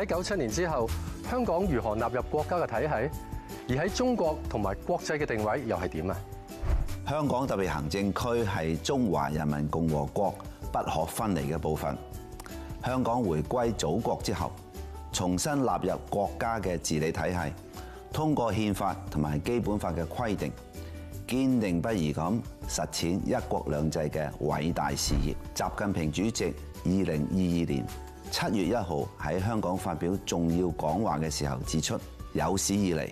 喺九七年之後，香港如何納入國家嘅體系？而喺中國同埋國際嘅定位又係點啊？香港特別行政區係中華人民共和國不可分離嘅部分。香港回歸祖國之後，重新納入國家嘅治理體系，通過憲法同埋基本法嘅規定，堅定不移咁實踐一國兩制嘅偉大事業。習近平主席二零二二年七月一號喺香港發表重要講話嘅時候指出，有史以嚟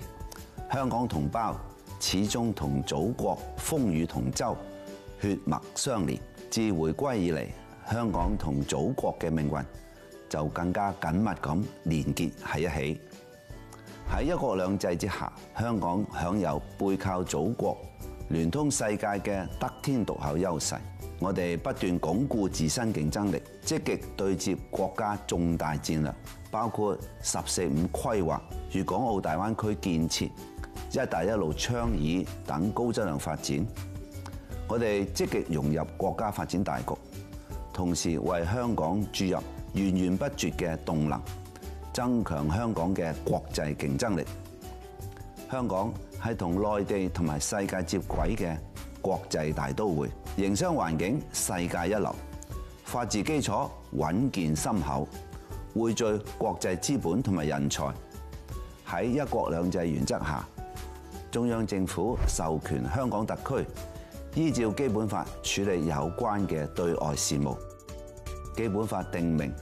香港同胞始終同祖國風雨同舟、血脈相連。自回歸以嚟，香港同祖國嘅命運就更加緊密咁連結喺一起。喺一國兩制之下，香港享有背靠祖國、聯通世界嘅得天獨厚優勢。我哋不斷鞏固自身競爭力，積極對接國家重大戰略，包括「十四五」規劃、粵港澳大灣區建設、「一帶一路」倡議等高質量發展。我哋積極融入國家發展大局，同時為香港注入源源不絕嘅動能，增強香港嘅國際競爭力。香港係同內地同埋世界接軌嘅國際大都會，營商環境世界一流，法治基礎穩健深厚，匯聚國際資本同埋人才。喺一國兩制原則下，中央政府授權香港特區依照基本法處理有關嘅對外事務。基本法定明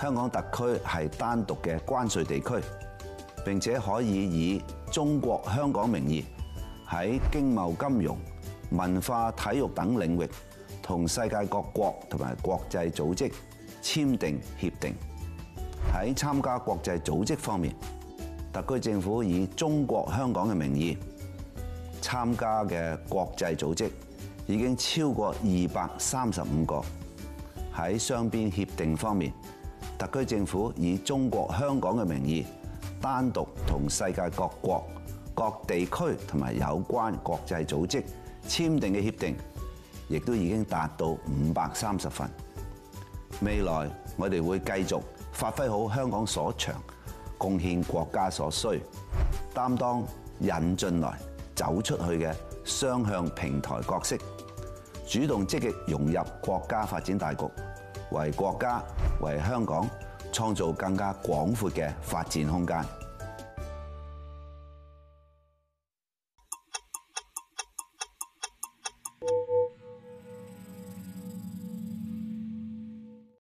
香港特區係單獨嘅關稅地區，並且可以以中國香港名義喺經貿金融、文化、體育等領域同世界各國同埋國際組織簽訂協定。喺參加國際組織方面，特區政府以中國香港嘅名義參加嘅國際組織已經超過二百三十五個。喺雙邊協定方面，特區政府以中國香港嘅名義單獨同世界各國、各地區同埋有關國際組織。簽訂嘅協定，亦都已經達到五百三十份。未來我哋會繼續發揮好香港所長，貢獻國家所需，擔當引進來、走出去嘅雙向平台角色，主動積極融入國家發展大局，為國家、為香港創造更加廣闊嘅發展空間。